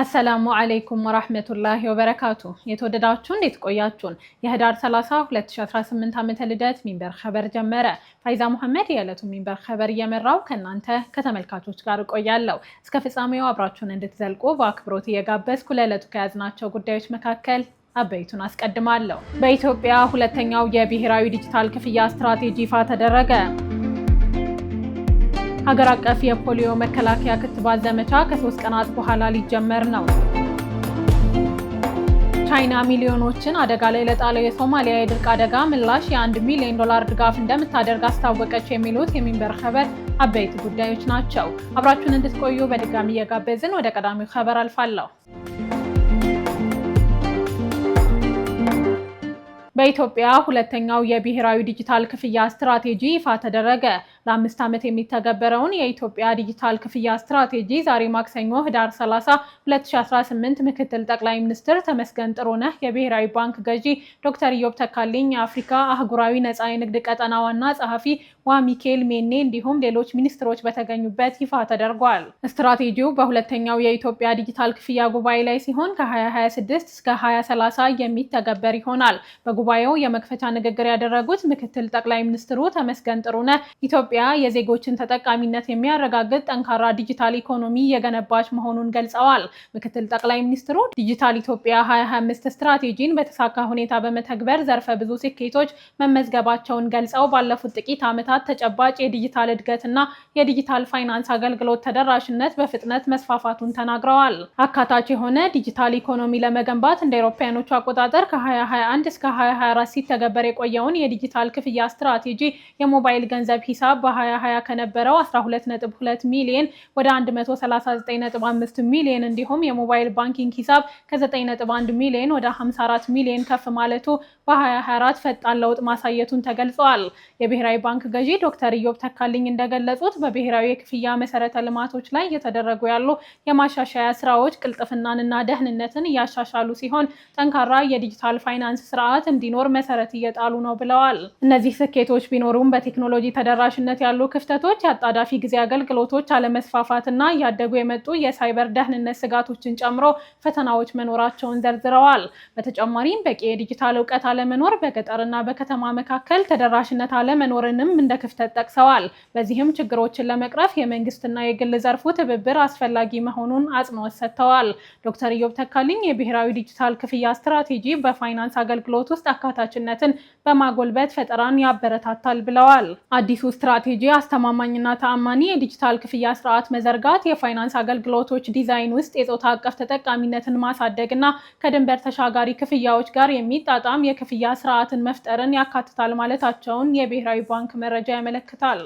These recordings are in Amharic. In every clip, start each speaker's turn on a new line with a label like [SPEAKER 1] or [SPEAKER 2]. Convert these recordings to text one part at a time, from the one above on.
[SPEAKER 1] አሰላሙ አለይኩም ወራህመቱላሂ ወበረካቱ። የተወደዳችሁ እንዴት ቆያችሁን? የህዳር 30 2018 ዓመተ ልደት ሚንበር ኸበር ጀመረ። ፋይዛ መሐመድ የዕለቱን ሚንበር ኸበር እየመራው ከእናንተ ከተመልካቾች ጋር እቆያለሁ። እስከ ፍጻሜው አብራችሁን እንድትዘልቁ በአክብሮት እየጋበዝኩ ለዕለቱ ከያዝናቸው ጉዳዮች መካከል አበይቱን አስቀድማለሁ። በኢትዮጵያ ሁለተኛው የብሔራዊ ዲጂታል ክፍያ ስትራቴጂ ይፋ ተደረገ። ሀገር አቀፍ የፖሊዮ መከላከያ ክትባት ዘመቻ ከሶስት ቀናት በኋላ ሊጀመር ነው። ቻይና ሚሊዮኖችን አደጋ ላይ ለጣለው የሶማሊያ የድርቅ አደጋ ምላሽ የአንድ ሚሊዮን ዶላር ድጋፍ እንደምታደርግ አስታወቀች። የሚሉት የሚንበር ኸበር አበይት ጉዳዮች ናቸው። አብራችሁን እንድትቆዩ በድጋሚ እየጋበዝን ወደ ቀዳሚው ኸበር አልፋለሁ። በኢትዮጵያ ሁለተኛው የብሔራዊ ዲጂታል ክፍያ ስትራቴጂ ይፋ ተደረገ። ለአምስት ዓመት የሚተገበረውን የኢትዮጵያ ዲጂታል ክፍያ ስትራቴጂ ዛሬ ማክሰኞ ህዳር 30 2018 ምክትል ጠቅላይ ሚኒስትር ተመስገን ጥሩነህ፣ የብሔራዊ ባንክ ገዢ ዶክተር ኢዮብ ተካልኝ፣ የአፍሪካ አህጉራዊ ነፃ የንግድ ቀጠና ዋና ጸሐፊ ዋ ሚካኤል ሜኔ እንዲሁም ሌሎች ሚኒስትሮች በተገኙበት ይፋ ተደርጓል። ስትራቴጂው በሁለተኛው የኢትዮጵያ ዲጂታል ክፍያ ጉባኤ ላይ ሲሆን ከ2026 እስከ 2030 የሚተገበር ይሆናል። በጉባኤው የመክፈቻ ንግግር ያደረጉት ምክትል ጠቅላይ ሚኒስትሩ ተመስገን ጥሩነህ ኢትዮጵያ ኢትዮጵያ የዜጎችን ተጠቃሚነት የሚያረጋግጥ ጠንካራ ዲጂታል ኢኮኖሚ የገነባች መሆኑን ገልጸዋል። ምክትል ጠቅላይ ሚኒስትሩ ዲጂታል ኢትዮጵያ 2025 ስትራቴጂን በተሳካ ሁኔታ በመተግበር ዘርፈ ብዙ ስኬቶች መመዝገባቸውን ገልጸው ባለፉት ጥቂት ዓመታት ተጨባጭ የዲጂታል እድገትና የዲጂታል ፋይናንስ አገልግሎት ተደራሽነት በፍጥነት መስፋፋቱን ተናግረዋል። አካታች የሆነ ዲጂታል ኢኮኖሚ ለመገንባት እንደ አውሮፓውያኖቹ አቆጣጠር ከ2021 እስከ 2024 ሲተገበር የቆየውን የዲጂታል ክፍያ ስትራቴጂ የሞባይል ገንዘብ ሂሳብ በ2020 ከነበረው 12.2 ሚሊዮን ወደ 139.5 ሚሊዮን እንዲሁም የሞባይል ባንኪንግ ሂሳብ ከ9.1 ሚሊዮን ወደ 54 ሚሊዮን ከፍ ማለቱ በ2024 ፈጣን ለውጥ ማሳየቱን ተገልጸዋል። የብሔራዊ ባንክ ገዢ ዶክተር ኢዮብ ተካልኝ እንደገለጹት በብሔራዊ የክፍያ መሰረተ ልማቶች ላይ እየተደረጉ ያሉ የማሻሻያ ስራዎች ቅልጥፍናንና ደህንነትን እያሻሻሉ ሲሆን ጠንካራ የዲጂታል ፋይናንስ ስርዓት እንዲኖር መሰረት እየጣሉ ነው ብለዋል። እነዚህ ስኬቶች ቢኖሩም በቴክኖሎጂ ተደራሽነት ደህንነት ያሉ ክፍተቶች፣ የአጣዳፊ ጊዜ አገልግሎቶች አለመስፋፋት እና እያደጉ የመጡ የሳይበር ደህንነት ስጋቶችን ጨምሮ ፈተናዎች መኖራቸውን ዘርዝረዋል። በተጨማሪም በቂ የዲጂታል እውቀት አለመኖር፣ በገጠርና በከተማ መካከል ተደራሽነት አለመኖርንም እንደ ክፍተት ጠቅሰዋል። በዚህም ችግሮችን ለመቅረፍ የመንግስትና የግል ዘርፉ ትብብር አስፈላጊ መሆኑን አጽንኦት ሰጥተዋል። ዶክተር ኢዮብ ተካልኝ የብሔራዊ ዲጂታል ክፍያ ስትራቴጂ በፋይናንስ አገልግሎት ውስጥ አካታችነትን በማጎልበት ፈጠራን ያበረታታል ብለዋል። አዲሱ ስትራ ስትራቴጂ አስተማማኝና ተአማኒ የዲጂታል ክፍያ ስርዓት መዘርጋት፣ የፋይናንስ አገልግሎቶች ዲዛይን ውስጥ የፆታ አቀፍ ተጠቃሚነትን ማሳደግ እና ከድንበር ተሻጋሪ ክፍያዎች ጋር የሚጣጣም የክፍያ ስርዓትን መፍጠርን ያካትታል ማለታቸውን የብሔራዊ ባንክ መረጃ ያመለክታል።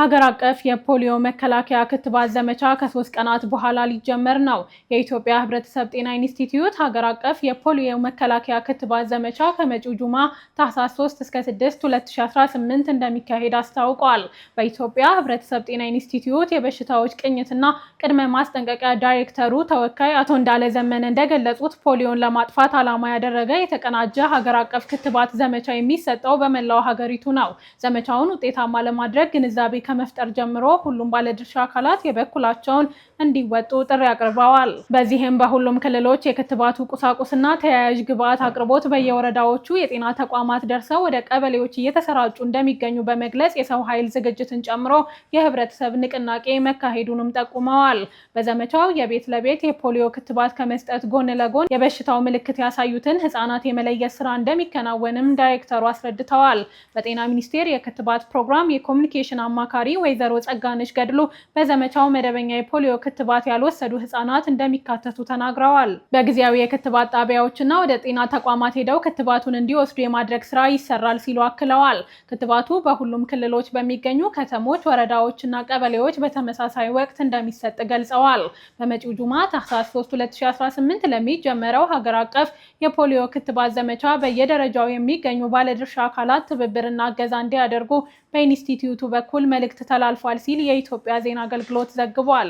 [SPEAKER 1] ሀገር አቀፍ የፖሊዮ መከላከያ ክትባት ዘመቻ ከሶስት ቀናት በኋላ ሊጀመር ነው። የኢትዮጵያ ሕብረተሰብ ጤና ኢንስቲትዩት ሀገር አቀፍ የፖሊዮ መከላከያ ክትባት ዘመቻ ከመጪው ጁማ ታህሳስ 3 እስከ 6 2018 እንደሚካሄድ አስታውቋል። በኢትዮጵያ ሕብረተሰብ ጤና ኢንስቲትዩት የበሽታዎች ቅኝትና ቅድመ ማስጠንቀቂያ ዳይሬክተሩ ተወካይ አቶ እንዳለ ዘመነ እንደገለጹት ፖሊዮን ለማጥፋት ዓላማ ያደረገ የተቀናጀ ሀገር አቀፍ ክትባት ዘመቻ የሚሰጠው በመላው ሀገሪቱ ነው። ዘመቻውን ውጤታማ ለማድረግ ግንዛቤ ከመፍጠር ጀምሮ ሁሉም ባለድርሻ አካላት የበኩላቸውን እንዲወጡ ጥሪ አቅርበዋል። በዚህም በሁሉም ክልሎች የክትባቱ ቁሳቁስና ተያያዥ ግብዓት አቅርቦት በየወረዳዎቹ የጤና ተቋማት ደርሰው ወደ ቀበሌዎች እየተሰራጩ እንደሚገኙ በመግለጽ የሰው ኃይል ዝግጅትን ጨምሮ የህብረተሰብ ንቅናቄ መካሄዱንም ጠቁመዋል። በዘመቻው የቤት ለቤት የፖሊዮ ክትባት ከመስጠት ጎን ለጎን የበሽታው ምልክት ያሳዩትን ህጻናት የመለየት ስራ እንደሚከናወንም ዳይሬክተሩ አስረድተዋል። በጤና ሚኒስቴር የክትባት ፕሮግራም የኮሚኒኬሽን አማካሪ አማካሪ ወይዘሮ ጸጋነሽ ገድሎ በዘመቻው መደበኛ የፖሊዮ ክትባት ያልወሰዱ ህጻናት እንደሚካተቱ ተናግረዋል። በጊዜያዊ የክትባት ጣቢያዎችና ወደ ጤና ተቋማት ሄደው ክትባቱን እንዲወስዱ የማድረግ ስራ ይሰራል ሲሉ አክለዋል። ክትባቱ በሁሉም ክልሎች በሚገኙ ከተሞች፣ ወረዳዎችና ቀበሌዎች በተመሳሳይ ወቅት እንደሚሰጥ ገልጸዋል። በመጪው ጁማ ታህሳስ 3 2018 ለሚጀመረው ሀገር አቀፍ የፖሊዮ ክትባት ዘመቻ በየደረጃው የሚገኙ ባለድርሻ አካላት ትብብርና እገዛ እንዲያደርጉ በኢንስቲትዩቱ በኩል መልእክት መልእክት ተላልፏል ሲል የኢትዮጵያ ዜና አገልግሎት ዘግቧል።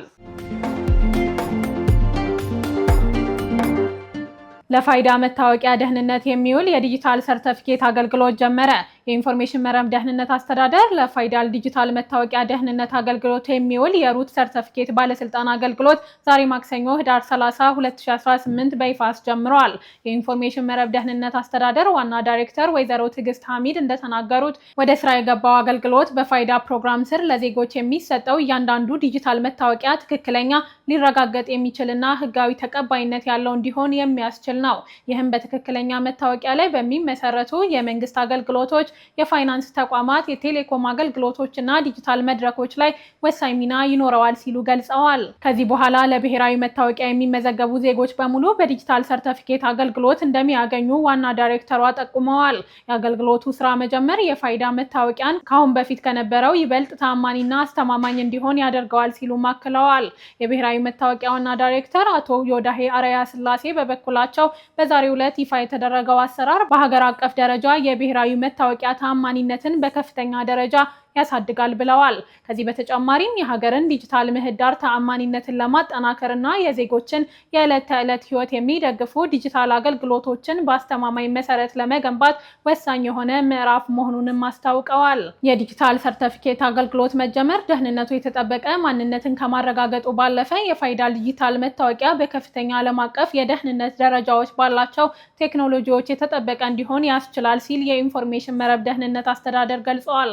[SPEAKER 1] ለፋይዳ መታወቂያ ደህንነት የሚውል የዲጂታል ሰርተፊኬት አገልግሎት ጀመረ። የኢንፎርሜሽን መረብ ደህንነት አስተዳደር ለፋይዳል ዲጂታል መታወቂያ ደህንነት አገልግሎት የሚውል የሩት ሰርተፊኬት ባለስልጣን አገልግሎት ዛሬ ማክሰኞ ህዳር 30 2018 በይፋ አስጀምረዋል። የኢንፎርሜሽን መረብ ደህንነት አስተዳደር ዋና ዳይሬክተር ወይዘሮ ትዕግስት ሐሚድ እንደተናገሩት ወደ ስራ የገባው አገልግሎት በፋይዳ ፕሮግራም ስር ለዜጎች የሚሰጠው እያንዳንዱ ዲጂታል መታወቂያ ትክክለኛ ሊረጋገጥ የሚችልና ህጋዊ ተቀባይነት ያለው እንዲሆን የሚያስችል ነው። ይህም በትክክለኛ መታወቂያ ላይ በሚመሰረቱ የመንግስት አገልግሎቶች የፋይናንስ ተቋማት የቴሌኮም አገልግሎቶችና ዲጂታል መድረኮች ላይ ወሳኝ ሚና ይኖረዋል ሲሉ ገልጸዋል። ከዚህ በኋላ ለብሔራዊ መታወቂያ የሚመዘገቡ ዜጎች በሙሉ በዲጂታል ሰርተፊኬት አገልግሎት እንደሚያገኙ ዋና ዳይሬክተሯ ጠቁመዋል። የአገልግሎቱ ስራ መጀመር የፋይዳ መታወቂያን ከአሁን በፊት ከነበረው ይበልጥ ታማኒና አስተማማኝ እንዲሆን ያደርገዋል ሲሉ አክለዋል። የብሔራዊ መታወቂያ ዋና ዳይሬክተር አቶ ዮዳሄ አረያ ስላሴ በበኩላቸው በዛሬው ዕለት ይፋ የተደረገው አሰራር በሀገር አቀፍ ደረጃ የብሔራዊ መታወቂያ የመታወቂያ ታማኒነትን በከፍተኛ ደረጃ ያሳድጋል ብለዋል። ከዚህ በተጨማሪም የሀገርን ዲጂታል ምህዳር ተአማኒነትን ለማጠናከርና የዜጎችን የዕለት ተዕለት ህይወት የሚደግፉ ዲጂታል አገልግሎቶችን በአስተማማኝ መሰረት ለመገንባት ወሳኝ የሆነ ምዕራፍ መሆኑንም አስታውቀዋል። የዲጂታል ሰርተፊኬት አገልግሎት መጀመር ደህንነቱ የተጠበቀ ማንነትን ከማረጋገጡ ባለፈ የፋይዳ ዲጂታል መታወቂያ በከፍተኛ ዓለም አቀፍ የደህንነት ደረጃዎች ባላቸው ቴክኖሎጂዎች የተጠበቀ እንዲሆን ያስችላል ሲል የኢንፎርሜሽን መረብ ደህንነት አስተዳደር ገልጸዋል።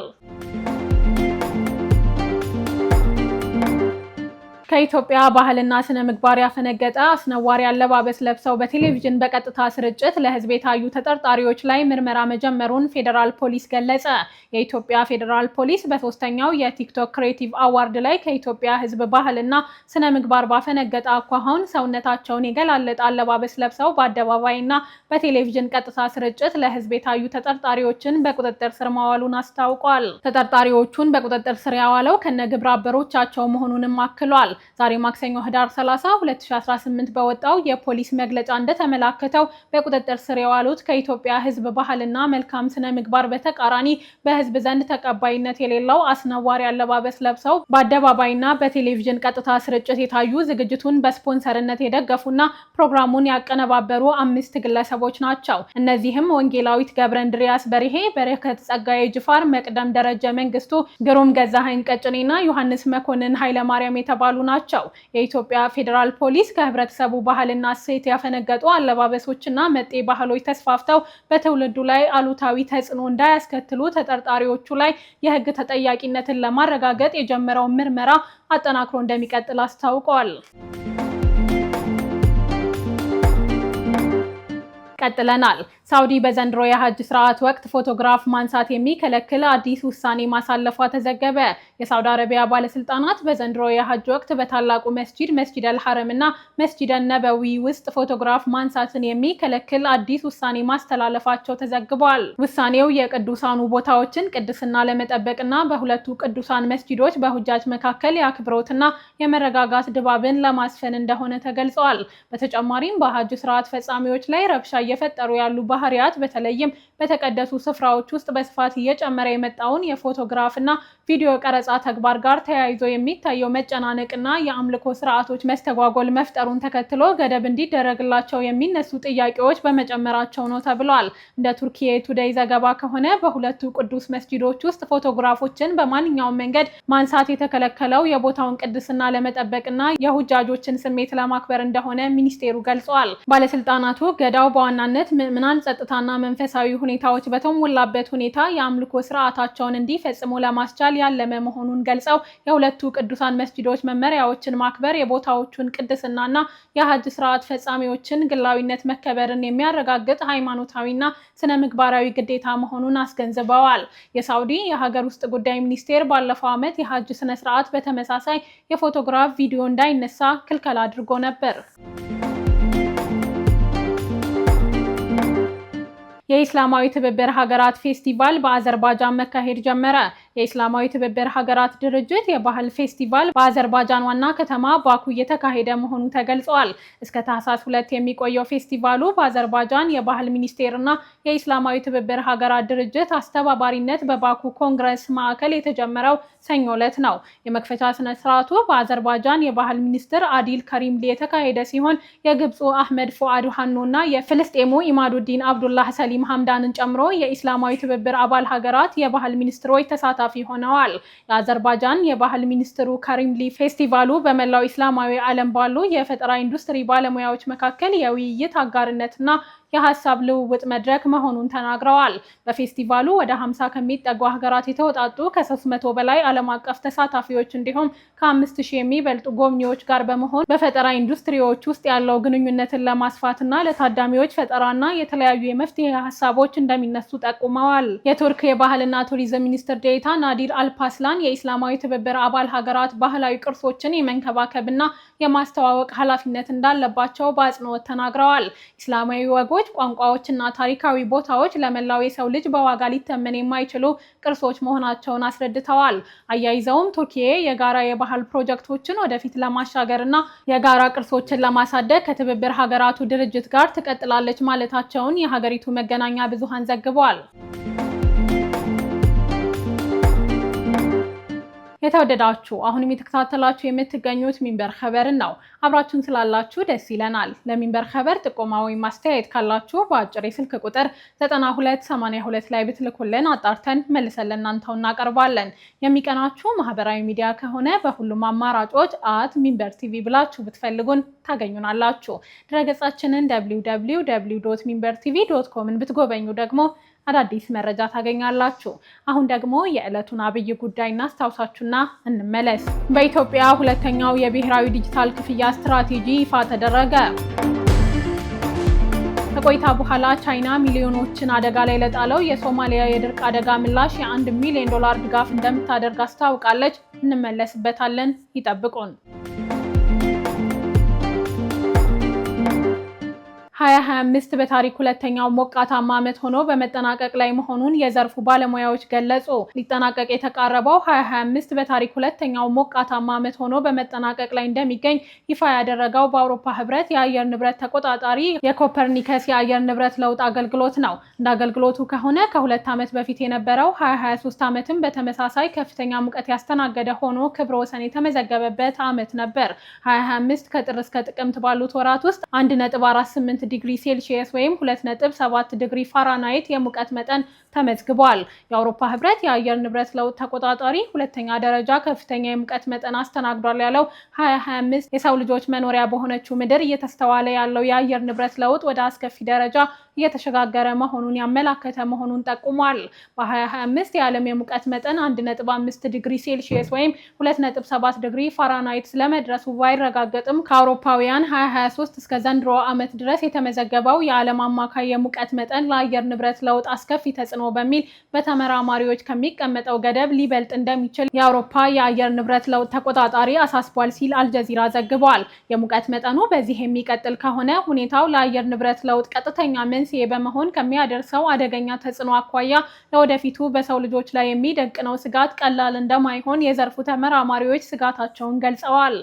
[SPEAKER 1] ከኢትዮጵያ ባህልና ስነ ምግባር ያፈነገጠ አስነዋሪ አለባበስ ለብሰው በቴሌቪዥን በቀጥታ ስርጭት ለህዝብ የታዩ ተጠርጣሪዎች ላይ ምርመራ መጀመሩን ፌዴራል ፖሊስ ገለጸ። የኢትዮጵያ ፌዴራል ፖሊስ በሶስተኛው የቲክቶክ ክሬቲቭ አዋርድ ላይ ከኢትዮጵያ ሕዝብ ባህልና ስነ ምግባር ባፈነገጠ አኳኋን ሰውነታቸውን የገላለጠ አለባበስ ለብሰው በአደባባይና በቴሌቪዥን ቀጥታ ስርጭት ለህዝብ የታዩ ተጠርጣሪዎችን በቁጥጥር ስር ማዋሉን አስታውቋል። ተጠርጣሪዎቹን በቁጥጥር ስር ያዋለው ከነ ግብረ አበሮቻቸው መሆኑንም አክሏል። ዛሬ ማክሰኞ ህዳር 30 2018 በወጣው የፖሊስ መግለጫ እንደተመላከተው በቁጥጥር ስር የዋሉት ከኢትዮጵያ ሕዝብ ባህልና መልካም ስነ ምግባር በተቃራኒ በህዝብ ዘንድ ተቀባይነት የሌለው አስነዋሪ አለባበስ ለብሰው በአደባባይና በቴሌቪዥን ቀጥታ ስርጭት የታዩ ዝግጅቱን በስፖንሰርነት የደገፉና ፕሮግራሙን ያቀነባበሩ አምስት ግለሰቦች ናቸው። እነዚህም ወንጌላዊት ገብረ እንድሪያስ በርሄ፣ በረከት ጸጋዬ ጅፋር፣ መቅደም ደረጀ መንግስቱ፣ ግሩም ገዛኸኝ ቀጭኔና ዮሐንስ መኮንን ኃይለማርያም የተባሉ ናቸው። የኢትዮጵያ ፌዴራል ፖሊስ ከህብረተሰቡ ባህልና እሴት ያፈነገጡ አለባበሶችና መጤ ባህሎች ተስፋፍተው በትውልዱ ላይ አሉታዊ ተጽዕኖ እንዳያስከትሉ ተጠርጣሪዎቹ ላይ የህግ ተጠያቂነትን ለማረጋገጥ የጀመረውን ምርመራ አጠናክሮ እንደሚቀጥል አስታውቋል። ቀጥለናል። ሳውዲ በዘንድሮ የሀጅ ስርዓት ወቅት ፎቶግራፍ ማንሳት የሚከለክል አዲስ ውሳኔ ማሳለፏ ተዘገበ። የሳውዲ አረቢያ ባለስልጣናት በዘንድሮ የሀጅ ወቅት በታላቁ መስጂድ መስጂድ አልሐረም እና መስጂድ ነበዊ ውስጥ ፎቶግራፍ ማንሳትን የሚከለክል አዲስ ውሳኔ ማስተላለፋቸው ተዘግቧል። ውሳኔው የቅዱሳኑ ቦታዎችን ቅድስና ለመጠበቅና በሁለቱ ቅዱሳን መስጂዶች በሁጃጅ መካከል የአክብሮትና የመረጋጋት ድባብን ለማስፈን እንደሆነ ተገልጿል። በተጨማሪም በሀጅ ስርዓት ፈጻሚዎች ላይ ረብሻ እየፈጠሩ ያሉ ባህሪያት በተለይም በተቀደሱ ስፍራዎች ውስጥ በስፋት እየጨመረ የመጣውን የፎቶግራፍ እና ቪዲዮ ቀረጻ ተግባር ጋር ተያይዞ የሚታየው መጨናነቅና የአምልኮ ስርዓቶች መስተጓጎል መፍጠሩን ተከትሎ ገደብ እንዲደረግላቸው የሚነሱ ጥያቄዎች በመጨመራቸው ነው ተብሏል። እንደ ቱርኪዬ ቱደይ ዘገባ ከሆነ በሁለቱ ቅዱስ መስጂዶች ውስጥ ፎቶግራፎችን በማንኛውም መንገድ ማንሳት የተከለከለው የቦታውን ቅድስና ለመጠበቅና የሁጃጆችን ስሜት ለማክበር እንደሆነ ሚኒስቴሩ ገልጿል። ባለስልጣናቱ ገዳው በዋናነት ምዕምናን ጸጥታና መንፈሳዊ ሁኔታዎች በተሞላበት ሁኔታ የአምልኮ ስርዓታቸውን እንዲፈጽሙ ለማስቻል ለማዋል ያለመ መሆኑን ገልጸው የሁለቱ ቅዱሳን መስጂዶች መመሪያዎችን ማክበር የቦታዎቹን ቅድስናና የሀጅ ስርዓት ፈጻሚዎችን ግላዊነት መከበርን የሚያረጋግጥ ሃይማኖታዊና ስነ ምግባራዊ ግዴታ መሆኑን አስገንዝበዋል። የሳውዲ የሀገር ውስጥ ጉዳይ ሚኒስቴር ባለፈው ዓመት የሀጅ ስነ ስርዓት በተመሳሳይ የፎቶግራፍ ቪዲዮ እንዳይነሳ ክልከላ አድርጎ ነበር። የኢስላማዊ ትብብር ሀገራት ፌስቲቫል በአዘርባይጃን መካሄድ ጀመረ። የእስላማዊ ትብብር ሀገራት ድርጅት የባህል ፌስቲቫል በአዘርባጃን ዋና ከተማ ባኩ እየተካሄደ መሆኑ ተገልጸዋል። እስከ ታህሳስ ሁለት የሚቆየው ፌስቲቫሉ በአዘርባጃን የባህል ሚኒስቴር እና የኢስላማዊ ትብብር ሀገራት ድርጅት አስተባባሪነት በባኩ ኮንግረስ ማዕከል የተጀመረው ሰኞ ዕለት ነው። የመክፈቻ ስነ በአዘርባጃን የባህል ሚኒስትር አዲል ከሪምሊ የተካሄደ ሲሆን የግብፁ አህመድ ፎአድ ሃኖ እና የፍልስጤሙ ኢማዱዲን አብዱላህ ሰሊም ሀምዳንን ጨምሮ የኢስላማዊ ትብብር አባል ሀገራት የባህል ሚኒስትሮች ተሳታ ኃላፊ ሆነዋል። የአዘርባጃን የባህል ሚኒስትሩ ካሪምሊ ፌስቲቫሉ በመላው ኢስላማዊ ዓለም ባሉ የፈጠራ ኢንዱስትሪ ባለሙያዎች መካከል የውይይት አጋርነትና የሀሳብ ልውውጥ መድረክ መሆኑን ተናግረዋል። በፌስቲቫሉ ወደ 50 ከሚጠጉ ሀገራት የተውጣጡ ከ300 በላይ ዓለም አቀፍ ተሳታፊዎች እንዲሁም ከ5000 የሚበልጡ ጎብኚዎች ጋር በመሆን በፈጠራ ኢንዱስትሪዎች ውስጥ ያለው ግንኙነትን ለማስፋትና ለታዳሚዎች ፈጠራና የተለያዩ የመፍትሄ ሀሳቦች እንደሚነሱ ጠቁመዋል። የቱርክ የባህልና ቱሪዝም ሚኒስትር ዴኤታ ናዲር አልፓስላን የኢስላማዊ ትብብር አባል ሀገራት ባህላዊ ቅርሶችን የመንከባከብና የማስተዋወቅ ኃላፊነት እንዳለባቸው በአጽንኦት ተናግረዋል። ኢስላማዊ ወጎ ምግቦች፣ ቋንቋዎችና ታሪካዊ ቦታዎች ለመላው የሰው ልጅ በዋጋ ሊተመን የማይችሉ ቅርሶች መሆናቸውን አስረድተዋል። አያይዘውም ቱርኪዬ የጋራ የባህል ፕሮጀክቶችን ወደፊት ለማሻገር እና የጋራ ቅርሶችን ለማሳደግ ከትብብር ሀገራቱ ድርጅት ጋር ትቀጥላለች ማለታቸውን የሀገሪቱ መገናኛ ብዙሃን ዘግቧል። የተወደዳችሁ አሁንም የተከታተላችሁ የምትገኙት ሚንበር ኸበርን ነው። አብራችሁን ስላላችሁ ደስ ይለናል። ለሚንበር ኸበር ጥቆማ ወይም ማስተያየት ካላችሁ በአጭር የስልክ ቁጥር 9282 ላይ ብትልኩልን አጣርተን መልሰን ለእናንተው እናቀርባለን። የሚቀናችሁ ማህበራዊ ሚዲያ ከሆነ በሁሉም አማራጮች አት ሚንበር ቲቪ ብላችሁ ብትፈልጉን ታገኙናላችሁ። ድረገጻችንን ሚንበር ቲቪ ዶት ኮምን ብትጎበኙ ደግሞ አዳዲስ መረጃ ታገኛላችሁ። አሁን ደግሞ የዕለቱን አብይ ጉዳይ እናስታውሳችሁና እንመለስ። በኢትዮጵያ ሁለተኛው የብሔራዊ ዲጂታል ክፍያ ስትራቴጂ ይፋ ተደረገ። ከቆይታ በኋላ ቻይና ሚሊዮኖችን አደጋ ላይ ለጣለው የሶማሊያ የድርቅ አደጋ ምላሽ የአንድ ሚሊዮን ዶላር ድጋፍ እንደምታደርግ አስታውቃለች። እንመለስበታለን። ይጠብቁን። 2025 በታሪክ ሁለተኛው ሞቃታማ ዓመት ሆኖ በመጠናቀቅ ላይ መሆኑን የዘርፉ ባለሙያዎች ገለጹ። ሊጠናቀቅ የተቃረበው 2025 በታሪክ ሁለተኛው ሞቃታማ ዓመት ሆኖ በመጠናቀቅ ላይ እንደሚገኝ ይፋ ያደረገው በአውሮፓ ህብረት የአየር ንብረት ተቆጣጣሪ የኮፐርኒከስ የአየር ንብረት ለውጥ አገልግሎት ነው። እንደ አገልግሎቱ ከሆነ ከሁለት ዓመት በፊት የነበረው 2023 ዓመትም በተመሳሳይ ከፍተኛ ሙቀት ያስተናገደ ሆኖ ክብረ ወሰን የተመዘገበበት ዓመት ነበር። 2025 ከጥር እስከ ጥቅምት ባሉት ወራት ውስጥ 1.48 ዲግሪ ሴልሺየስ ወይም 2.7 ዲግሪ ፋራናይት የሙቀት መጠን ተመዝግቧል። የአውሮፓ ህብረት የአየር ንብረት ለውጥ ተቆጣጣሪ ሁለተኛ ደረጃ ከፍተኛ የሙቀት መጠን አስተናግዷል ያለው 2025 የሰው ልጆች መኖሪያ በሆነችው ምድር እየተስተዋለ ያለው የአየር ንብረት ለውጥ ወደ አስከፊ ደረጃ እየተሸጋገረ መሆኑን ያመላከተ መሆኑን ጠቁሟል። በ2025 የዓለም የሙቀት መጠን 1.5 ዲግሪ ሴልሺየስ ወይም 2.7 ዲግሪ ፋራናይት ስለመድረሱ ባይረጋገጥም ከአውሮፓውያን 2023 እስከ ዘንድሮ ዓመት ድረስ የተመዘገበው የዓለም አማካይ የሙቀት መጠን ለአየር ንብረት ለውጥ አስከፊ ተጽዕኖ በሚል በተመራማሪዎች ከሚቀመጠው ገደብ ሊበልጥ እንደሚችል የአውሮፓ የአየር ንብረት ለውጥ ተቆጣጣሪ አሳስቧል ሲል አልጀዚራ ዘግቧል። የሙቀት መጠኑ በዚህ የሚቀጥል ከሆነ ሁኔታው ለአየር ንብረት ለውጥ ቀጥተኛ መንስኤ በመሆን ከሚያደርሰው አደገኛ ተጽዕኖ አኳያ ለወደፊቱ በሰው ልጆች ላይ የሚደቅነው ስጋት ቀላል እንደማይሆን የዘርፉ ተመራማሪዎች ስጋታቸውን ገልጸዋል።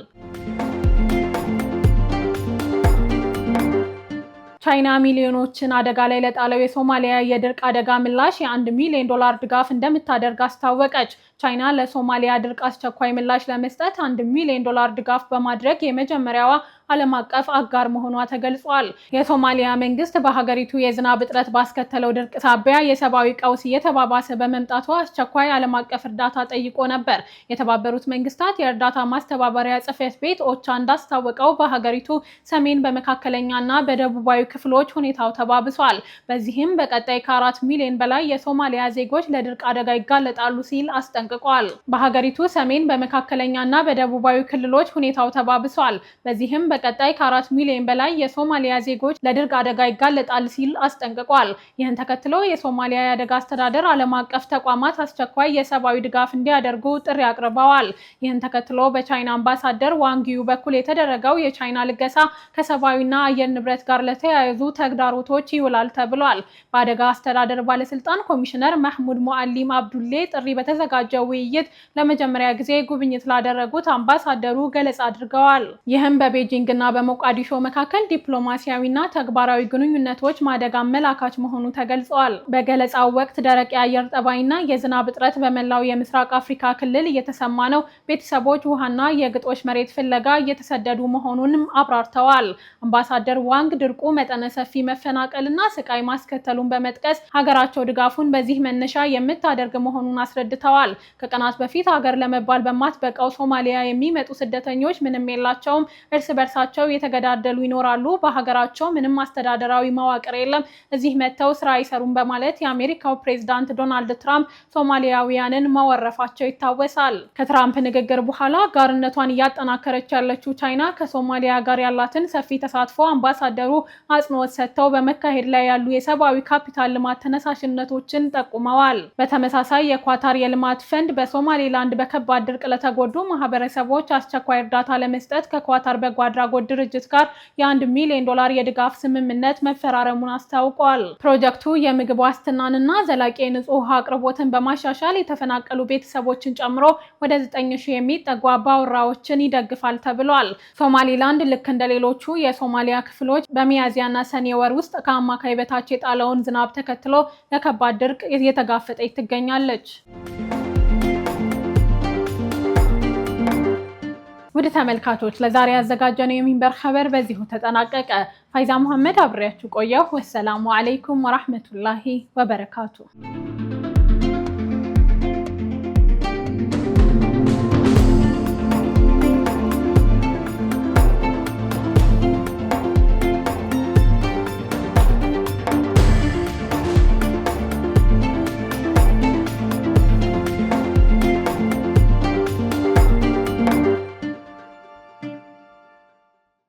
[SPEAKER 1] ቻይና ሚሊዮኖችን አደጋ ላይ ለጣለው የሶማሊያ የድርቅ አደጋ ምላሽ የአንድ ሚሊዮን ዶላር ድጋፍ እንደምታደርግ አስታወቀች። ቻይና ለሶማሊያ ድርቅ አስቸኳይ ምላሽ ለመስጠት አንድ ሚሊዮን ዶላር ድጋፍ በማድረግ የመጀመሪያዋ ዓለም አቀፍ አጋር መሆኗ ተገልጿል። የሶማሊያ መንግስት በሀገሪቱ የዝናብ እጥረት ባስከተለው ድርቅ ሳቢያ የሰብአዊ ቀውስ እየተባባሰ በመምጣቱ አስቸኳይ ዓለም አቀፍ እርዳታ ጠይቆ ነበር። የተባበሩት መንግስታት የእርዳታ ማስተባበሪያ ጽሕፈት ቤት ኦቻ እንዳስታወቀው በሀገሪቱ ሰሜን በመካከለኛና በደቡባዊ ክፍሎች ሁኔታው ተባብሷል። በዚህም በቀጣይ ከአራት ሚሊዮን በላይ የሶማሊያ ዜጎች ለድርቅ አደጋ ይጋለጣሉ ሲል አስጠንቅቋል። በሀገሪቱ ሰሜን በመካከለኛና በደቡባዊ ክልሎች ሁኔታው ተባብሷል። በዚህም በቀጣይ ከአራት ሚሊዮን በላይ የሶማሊያ ዜጎች ለድርቅ አደጋ ይጋለጣል ሲል አስጠንቅቋል። ይህን ተከትሎ የሶማሊያ የአደጋ አስተዳደር ዓለም አቀፍ ተቋማት አስቸኳይ የሰብአዊ ድጋፍ እንዲያደርጉ ጥሪ አቅርበዋል። ይህን ተከትሎ በቻይና አምባሳደር ዋንጊዩ በኩል የተደረገው የቻይና ልገሳ ከሰብአዊና አየር ንብረት ጋር ለተያያዙ ተግዳሮቶች ይውላል ተብሏል። በአደጋ አስተዳደር ባለስልጣን ኮሚሽነር መህሙድ ሙአሊም አብዱሌ ጥሪ በተዘጋጀው ውይይት ለመጀመሪያ ጊዜ ጉብኝት ላደረጉት አምባሳደሩ ገለጻ አድርገዋል። ይህም በቤጂንግ በቤጂንግ በሞቃዲሾ መካከል ዲፕሎማሲያዊና ተግባራዊ ግንኙነቶች ማደግ አመላካች መሆኑ ተገልጸዋል። በገለጻው ወቅት ደረቅ የአየር ጠባይና የዝናብ እጥረት በመላው የምስራቅ አፍሪካ ክልል እየተሰማ ነው። ቤተሰቦች ውሃና የግጦሽ መሬት ፍለጋ እየተሰደዱ መሆኑንም አብራርተዋል። አምባሳደር ዋንግ ድርቁ መጠነ ሰፊ መፈናቀልና ስቃይ ማስከተሉን በመጥቀስ ሀገራቸው ድጋፉን በዚህ መነሻ የምታደርግ መሆኑን አስረድተዋል። ከቀናት በፊት ሀገር ለመባል በማትበቃው ሶማሊያ የሚመጡ ስደተኞች ምንም የላቸውም እርስ በርስ ራሳቸው የተገዳደሉ ይኖራሉ። በሀገራቸው ምንም አስተዳደራዊ መዋቅር የለም፣ እዚህ መጥተው ስራ አይሰሩም በማለት የአሜሪካው ፕሬዝዳንት ዶናልድ ትራምፕ ሶማሊያውያንን መወረፋቸው ይታወሳል። ከትራምፕ ንግግር በኋላ ጋርነቷን እያጠናከረች ያለችው ቻይና ከሶማሊያ ጋር ያላትን ሰፊ ተሳትፎ አምባሳደሩ አጽንኦት ሰጥተው በመካሄድ ላይ ያሉ የሰብአዊ ካፒታል ልማት ተነሳሽነቶችን ጠቁመዋል። በተመሳሳይ የኳታር የልማት ፈንድ በሶማሌላንድ በከባድ ድርቅ ለተጎዱ ማህበረሰቦች አስቸኳይ እርዳታ ለመስጠት ከኳታር በጎ አድራጎት አድራጎት ድርጅት ጋር የአንድ ሚሊዮን ዶላር የድጋፍ ስምምነት መፈራረሙን አስታውቋል። ፕሮጀክቱ የምግብ ዋስትናንና ዘላቂ የንጹህ ውሃ አቅርቦትን በማሻሻል የተፈናቀሉ ቤተሰቦችን ጨምሮ ወደ 9000 የሚጠጉ አባወራዎችን ይደግፋል ተብሏል። ሶማሊላንድ ልክ እንደ የሶማሊያ ክፍሎች በሚያዝያና ሰኔ ወር ውስጥ ከአማካይ በታች የጣለውን ዝናብ ተከትሎ ለከባድ ድርቅ እየተጋፈጠች ትገኛለች። ውድ ተመልካቾች ለዛሬ ያዘጋጀነው የሚንበር ኸበር በዚሁ ተጠናቀቀ። ፋይዛ መሐመድ አብሬያችሁ ቆየሁ። ወሰላሙ አለይኩም ወራህመቱላሂ ወበረካቱ